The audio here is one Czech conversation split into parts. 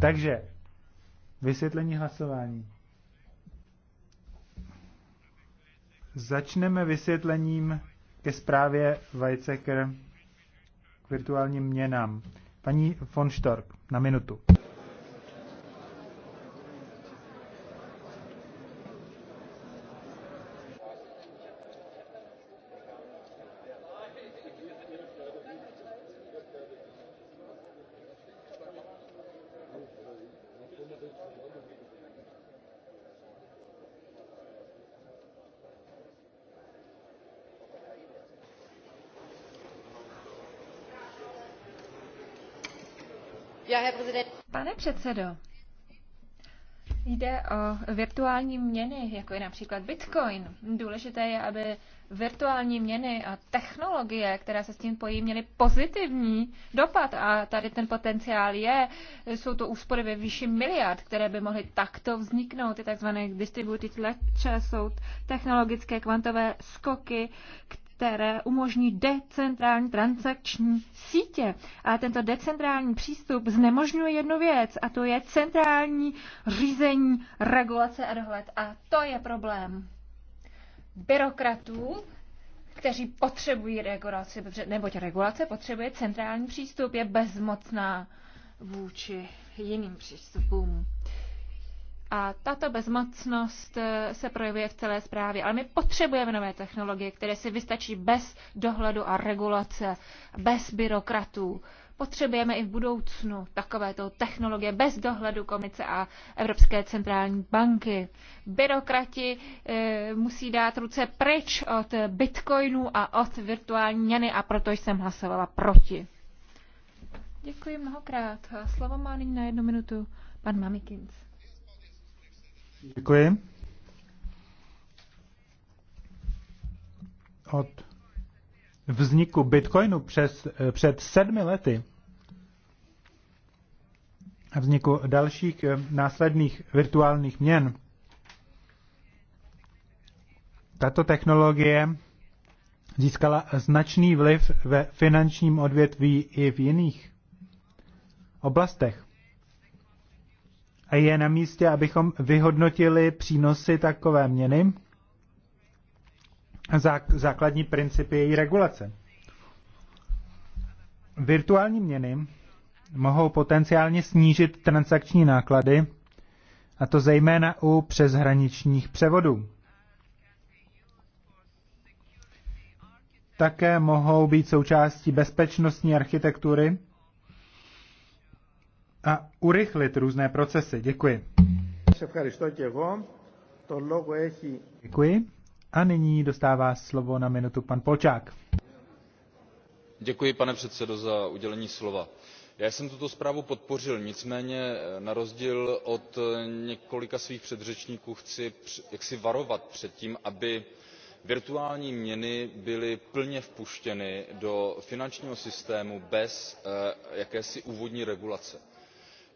Takže, vysvětlení hlasování. Začneme vysvětlením ke zprávě Weizsäcker k virtuálním měnám. Paní von Stork, na minutu. Pane předsedo, jde o virtuální měny, jako je například Bitcoin. Důležité je, aby virtuální měny a technologie, která se s tím pojí, měly pozitivní dopad a tady ten potenciál je. Jsou to úspory ve výši miliard, které by mohly takto vzniknout. Ty tzv. distributed ledger jsou technologické kvantové skoky, které které umožní decentrální transakční sítě. A tento decentrální přístup znemožňuje jednu věc, a to je centrální řízení, regulace a dohled. A to je problém byrokratů, kteří potřebují regulaci, neboť regulace potřebuje centrální přístup, je bezmocná vůči jiným přístupům. A tato bezmocnost eh, se projevuje v celé zprávě. Ale my potřebujeme nové technologie, které si vystačí bez dohledu a regulace, bez byrokratů. Potřebujeme i v budoucnu takovéto technologie bez dohledu Komice a Evropské centrální banky. Byrokrati e, musí dát ruce pryč od Bitcoinu a od virtuální měny a proto jsem hlasovala proti. Děkuji mnohokrát. A slovo má nyní na jednu minutu pan Mamikins. Děkuji. Od vzniku Bitcoinu přes, před sedmi lety a vzniku dalších eh, následných virtuálních měn tato technologie získala značný vliv ve finančním odvětví i v jiných oblastech a je na místě, abychom vyhodnotili přínosy takové měny a základní principy její regulace. Virtuální měny mohou potenciálně snížit transakční náklady, a to zejména u přeshraničních převodů. Také mohou být součástí bezpečnostní architektury, a urychlit různé procesy. Děkuji. Děkuji. A nyní dostává slovo na minutu pan Polčák. Děkuji, pane předsedo, za udělení slova. Já jsem tuto zprávu podpořil, nicméně eh, na rozdíl od eh, několika svých předřečníků chci jaksi varovat před tím, aby virtuální měny byly plně vpuštěny do finančního systému bez eh, jakési úvodní regulace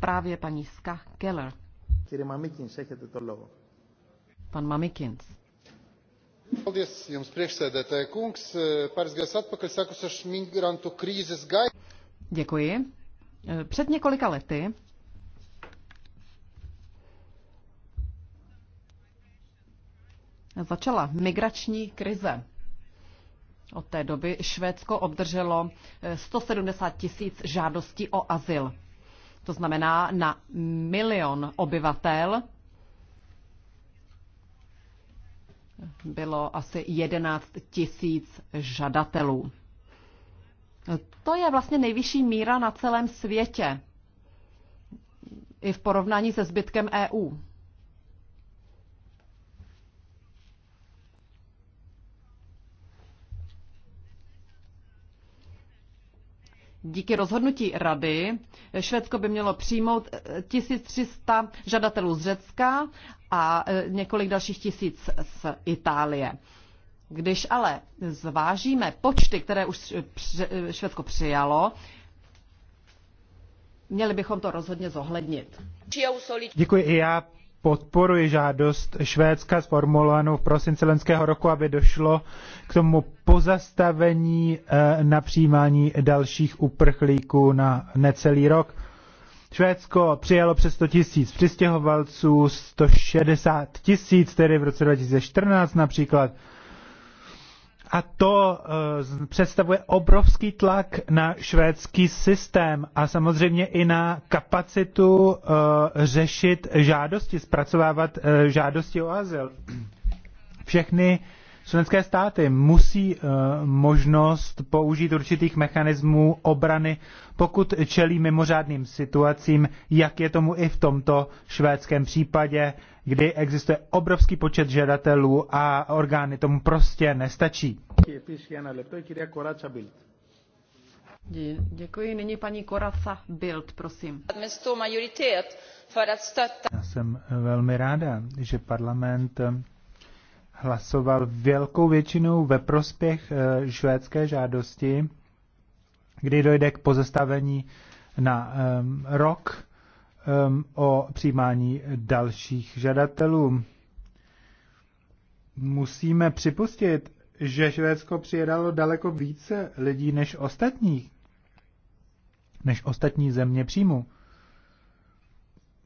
zprávě paní Ska Keller. Pan Mamikins. Děkuji. Před několika lety začala migrační krize. Od té doby Švédsko obdrželo 170 eh, tisíc žádostí o azyl to znamená na milion obyvatel, bylo asi 11 tisíc žadatelů. To je vlastně nejvyšší míra na celém světě i v porovnání se zbytkem EU. Díky rozhodnutí rady Švédsko by mělo přijmout 1300 eh, žadatelů z Řecka a eh, několik dalších tisíc z Itálie. Když ale zvážíme počty, které už eh, Švédsko přijalo, měli bychom to rozhodně zohlednit. Děkuji i já podporuji žádost Švédska sformulovanou v prosinci lenského roku, aby došlo k tomu pozastavení eh, na přijímání dalších uprchlíků na necelý rok. Švédsko přijalo přes 100 tisíc přistěhovalců, 160 tisíc tedy v roce 2014 například. A to eh, představuje obrovský tlak na švédský systém a samozřejmě i na kapacitu eh, řešit žádosti, zpracovávat eh, žádosti o azyl. Všechny Členské státy musí eh, možnost použít určitých mechanismů obrany, pokud čelí mimořádným situacím, jak je tomu i v tomto švédském případě, kdy existuje obrovský počet žadatelů a orgány tomu prostě nestačí. Děkuji. Nyní paní Koraca Bild, prosím. Já jsem velmi ráda, že parlament hlasoval velkou většinou ve prospěch eh, švédské žádosti, kdy dojde k pozastavení na um, rok um, o přijímání dalších žadatelů. Musíme připustit, že Švédsko přijedalo daleko více lidí než ostatních, než ostatní země příjmu.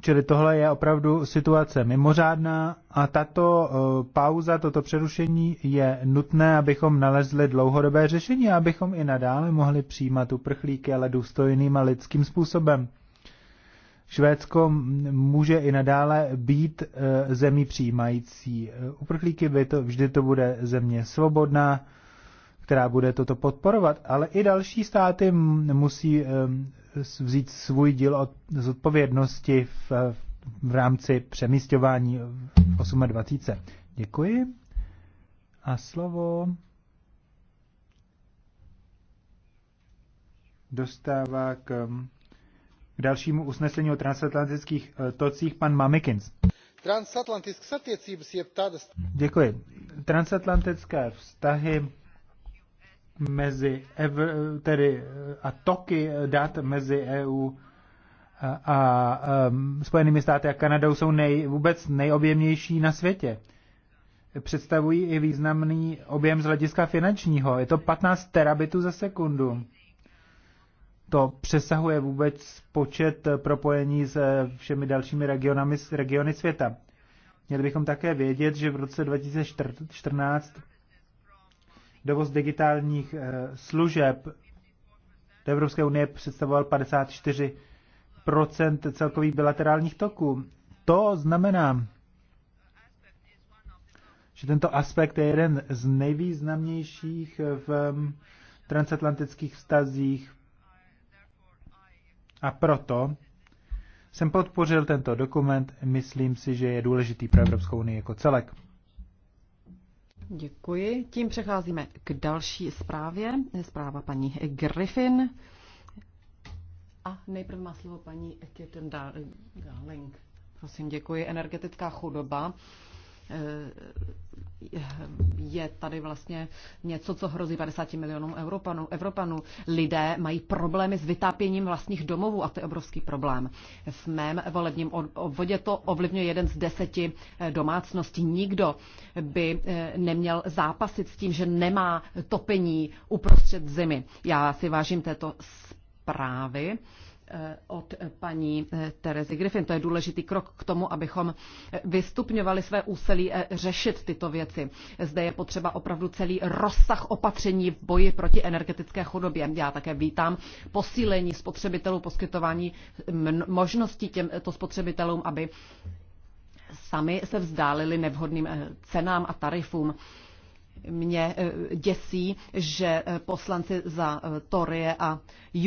Čili tohle je opravdu situace mimořádná a tato eh, pauza, toto přerušení je nutné, abychom nalezli dlouhodobé řešení a abychom i nadále mohli přijímat uprchlíky, ale důstojným a lidským způsobem. Švédsko může i nadále být eh, zemí přijímající eh, uprchlíky, by to, vždy to bude země svobodná, která bude toto podporovat, ale i další státy musí vzít svůj díl od zodpovědnosti v, v rámci přemístování 28. Děkuji. A slovo dostává k, k dalšímu usnesení o transatlantických e, tocích pan Mamikins. Děkuji. Transatlantické vztahy mezi ev- tedy a toky dat mezi EU a, a um, Spojenými státy a Kanadou jsou nej, vůbec nejobjemnější na světě. Představují i významný objem z hlediska finančního. Je to 15 terabitů za sekundu. To přesahuje vůbec počet propojení s všemi dalšími regionami, regiony světa. Měli bychom také vědět, že v roce 2014 dovoz digitálních eh, služeb do Evropské unie představoval 54 celkových bilaterálních toků. To znamená, že tento aspekt je jeden z nejvýznamnějších v mm, transatlantických vztazích a proto jsem podpořil tento dokument. Myslím si, že je důležitý pro Evropskou unii jako celek. Děkuji. Tím přecházíme k další zprávě. Zpráva paní Griffin. A nejprve má slovo paní Kirten Darling. Prosím, děkuji. Energetická chudoba Eh, je tady vlastně něco, co hrozí 50 milionům Evropanů. Evropanů. Lidé mají problémy s vytápěním vlastních domovů a to je obrovský problém. V mém volebním obvodě to ovlivňuje jeden z deseti eh, domácností. Nikdo by eh, neměl zápasit s tím, že nemá topení uprostřed zimy. Já si vážím této zprávy Eh, od paní eh, Terezy Griffin. To je důležitý krok k tomu, abychom vystupňovali své úsilí eh, řešit tyto věci. Zde je potřeba opravdu celý rozsah opatření v boji proti energetické chudobě. Já také vítám posílení spotřebitelů, poskytování možností těmto spotřebitelům, aby sami se vzdálili nevhodným cenám a tarifům mě eh, děsí, že eh, poslanci za eh, Torie a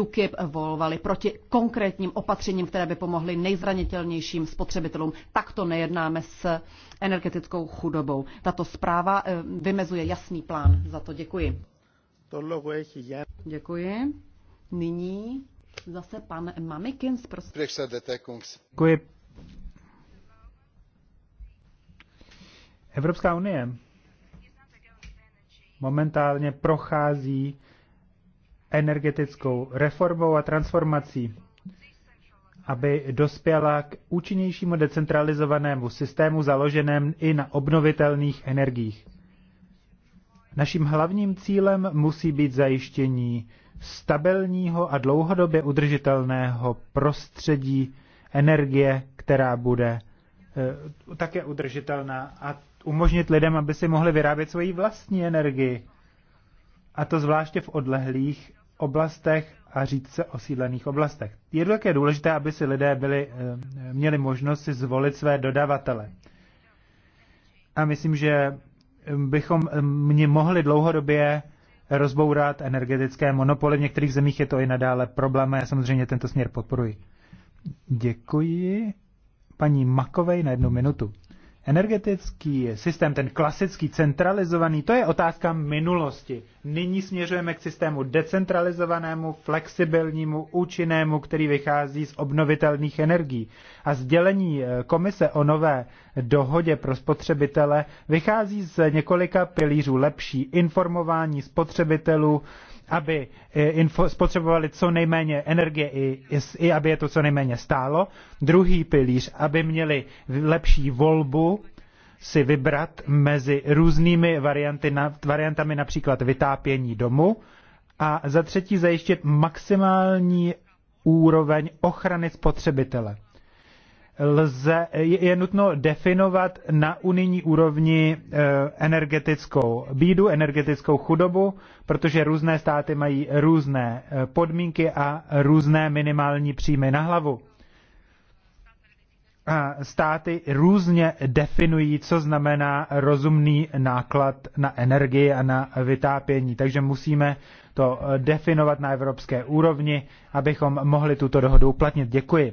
UKIP volovali proti konkrétním opatřením, které by pomohly nejzranitelnějším spotřebitelům. Takto nejednáme s energetickou chudobou. Tato zpráva vymezuje jasný plán. Za to děkuji. Děkuji. Nyní zase pan Mamikins, Děkuji. Evropská unie momentálně prochází energetickou reformou a transformací, aby dospěla k účinnějšímu decentralizovanému systému založeném i na obnovitelných energiích. Naším hlavním cílem musí být zajištění stabilního a dlouhodobě udržitelného prostředí energie, která bude eh, také udržitelná a umožnit lidem, aby si mohli vyrábět svoji vlastní energii. A to zvláště v odlehlých oblastech a řídce osídlených oblastech. Je také důležité, aby si lidé byli, eh, měli možnost si zvolit své dodavatele. A myslím, že eh, bychom eh, mě mohli dlouhodobě rozbourat energetické monopoly. V některých zemích je to i nadále problém a já samozřejmě tento směr podporuji. Děkuji paní Makovej na jednu minutu. Energetický systém, ten klasický centralizovaný, to je otázka minulosti. Nyní směřujeme k systému decentralizovanému, flexibilnímu, účinnému, který vychází z obnovitelných energií. A sdělení eh, komise o nové dohodě pro spotřebitele vychází z několika pilířů lepší informování spotřebitelů, aby eh, info, spotřebovali co nejméně energie i, i, aby je to co nejméně stálo. Druhý pilíř, aby měli lepší volbu si vybrat mezi různými varianty, na, variantami například vytápění domu a za třetí zajištět maximální úroveň ochrany spotřebitele lze, je nutno definovat na unijní úrovni eh, energetickou bídu, energetickou chudobu, protože různé státy mají různé eh, podmínky a různé minimální příjmy na hlavu. A státy různě definují, co znamená rozumný náklad na energii a na vytápění. Takže musíme to eh, definovat na evropské úrovni, abychom mohli tuto dohodu uplatnit. Děkuji.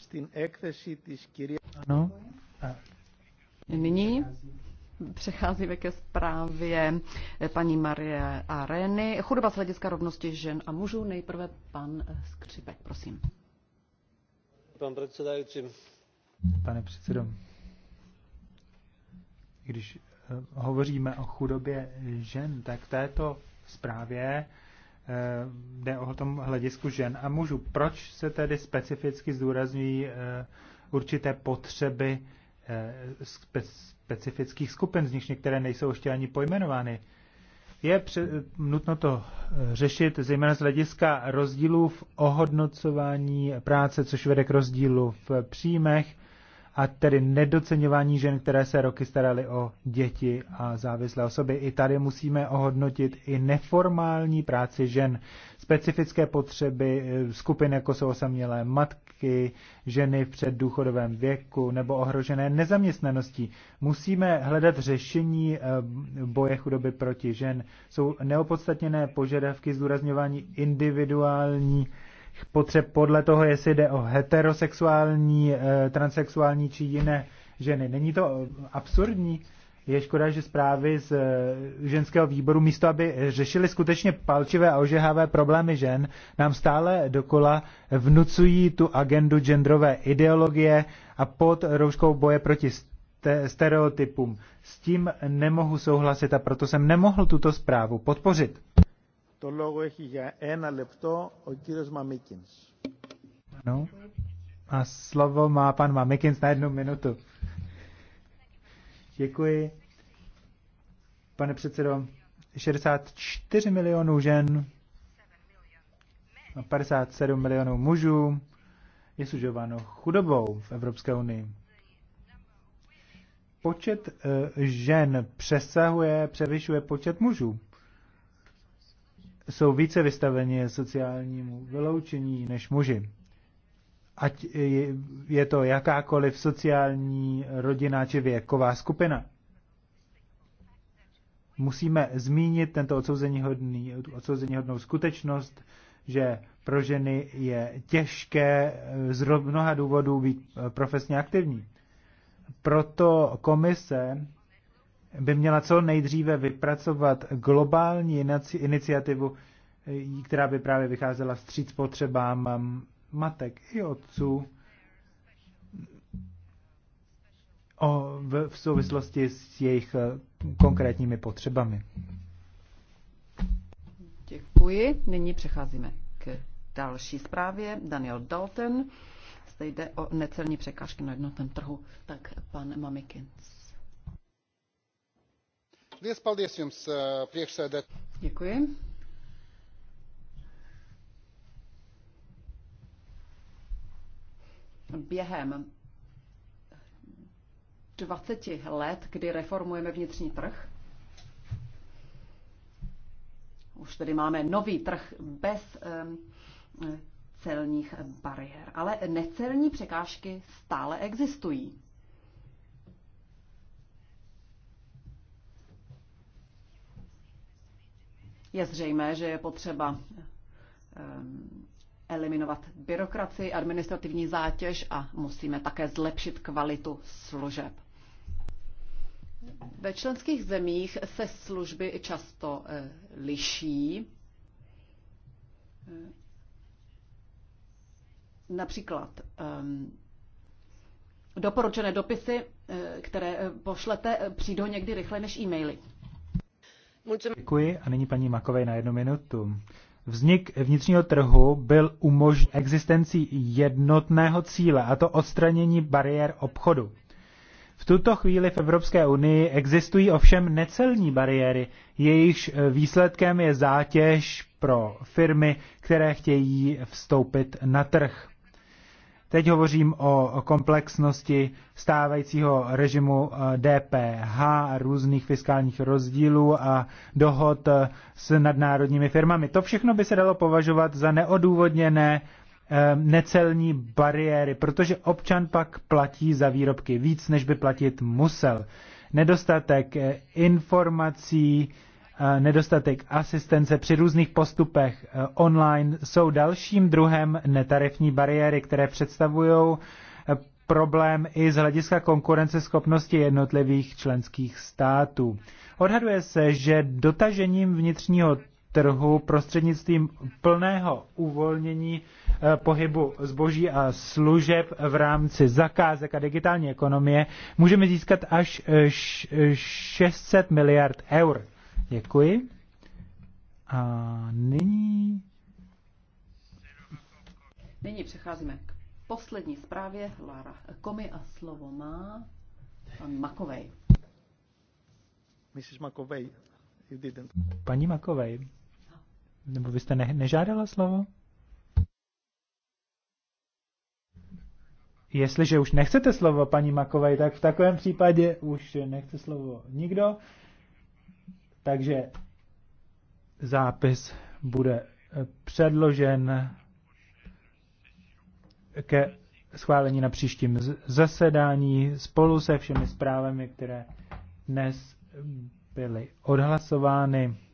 στην έκθεση της κυρίας... Ano. Nyní přecházíme ke zprávě paní Marie Areny. Chudoba z hlediska rovnosti žen a mužů. Nejprve pan Skřipek, prosím. Pan předsedající. Pane předsedo, když eh, hovoříme o chudobě žen, tak této zprávě Eh, jde o tom hledisku žen a mužů. Proč se tedy specificky zdůrazňují eh, určité potřeby eh, specifických skupin, z nich některé nejsou ještě ani pojmenovány? Je pře- nutno to řešit zejména z hlediska rozdílů v ohodnocování práce, což vede k rozdílu v příjmech a tedy nedoceňování žen, které se roky staraly o děti a závislé osoby. I tady musíme ohodnotit i neformální práci žen, specifické potřeby eh, skupin, jako jsou osamělé matky, ženy v předdůchodovém věku nebo ohrožené nezaměstnaností. Musíme hledat řešení eh, boje chudoby proti žen. Jsou neopodstatněné požadavky zdůrazňování individuální potřeb podle toho, jestli jde o heterosexuální, eh, transexuální či jiné ženy. Není to absurdní? Je škoda, že zprávy z eh, ženského výboru, místo aby řešili skutečně palčivé a ožehavé problémy žen, nám stále dokola vnucují tu agendu genderové ideologie a pod rouškou boje proti stereotypům. S tím nemohu souhlasit a proto jsem nemohl tuto zprávu podpořit. Το λόγο έχει για ένα λεπτό ο κύριος Μαμίκινς. Ano. A slovo má pan Mamikins na jednu minutu. Děkuji. Pane předsedo, 64 milionů žen a 57 milionů mužů je sužováno chudobou v Evropské unii. Počet eh, žen přesahuje, převyšuje počet mužů jsou více vystaveni sociálnímu vyloučení než muži. Ať je to jakákoliv sociální, rodina či věková skupina. Musíme zmínit tento odsouzeníhodný, odsouzeníhodnou skutečnost, že pro ženy je těžké z mnoha důvodů být profesně aktivní. Proto komise by měla co nejdříve vypracovat globální iniciativu, eh, která by právě vycházela vstříc potřebám um, matek i otců o, v, v souvislosti s jejich eh, konkrétními potřebami. Děkuji. Nyní přecházíme k další zprávě. Daniel Dalton. Zde jde o necelní překážky na jednotném trhu. Tak pan Mamikins. Liels paldies jums, eh, priekšsēdēt. Během 20 let, kdy reformujeme vnitřní trh, už tedy máme nový trh bez celních bariér. Ale necelní překážky stále existují. Je zřejmé, že je potřeba eh, eliminovat byrokraci, administrativní zátěž a musíme také zlepšit kvalitu služeb. Ve členských zemích se služby často eh, liší. Eh, například ehm, doporučené dopisy, které pošlete, přijdou někdy rychle než e-maily. Děkuji a nyní paní Makové na jednu minutu. Vznik vnitřního trhu byl umožněn existencí jednotného cíle, a to odstranění bariér obchodu. V tuto chvíli v Evropské unii existují ovšem necelní bariéry, jejichž eh, výsledkem je zátěž pro firmy, které chtějí vstoupit na trh. Teď hovořím o komplexnosti stávajícího režimu DPH, eh, různých fiskálních rozdílů a dohod eh, s nadnárodními firmami. To všechno by se dalo považovat za neodůvodněné eh, necelní bariéry, protože občan pak platí za výrobky víc, než by platit musel. Nedostatek informací, Eh, nedostatek asistence při různých postupech eh, online jsou dalším druhem netarifní bariéry, které představují eh, problém i z hlediska konkurenceschopnosti jednotlivých členských států. Odhaduje se, že dotažením vnitřního trhu prostřednictvím plného uvolnění pohybu zboží a služeb v rámci zakázek a digitální ekonomie můžeme získat až 600 miliard eur. Děkuji. A nyní... Nyní přecházíme k poslední zprávě. Lara Komi a slovo má pan Makovej. Mrs. Makovej, you didn't. Paní Makovej, nebo vy jste ne- nežádala slovo? Jestliže už nechcete slovo, paní Makovej, tak v takovém případě už nechce slovo nikdo. Takže zápis bude eh, předložen ke schválení na příštím zasedání spolu se všemi zprávami, které dnes byly odhlasovány.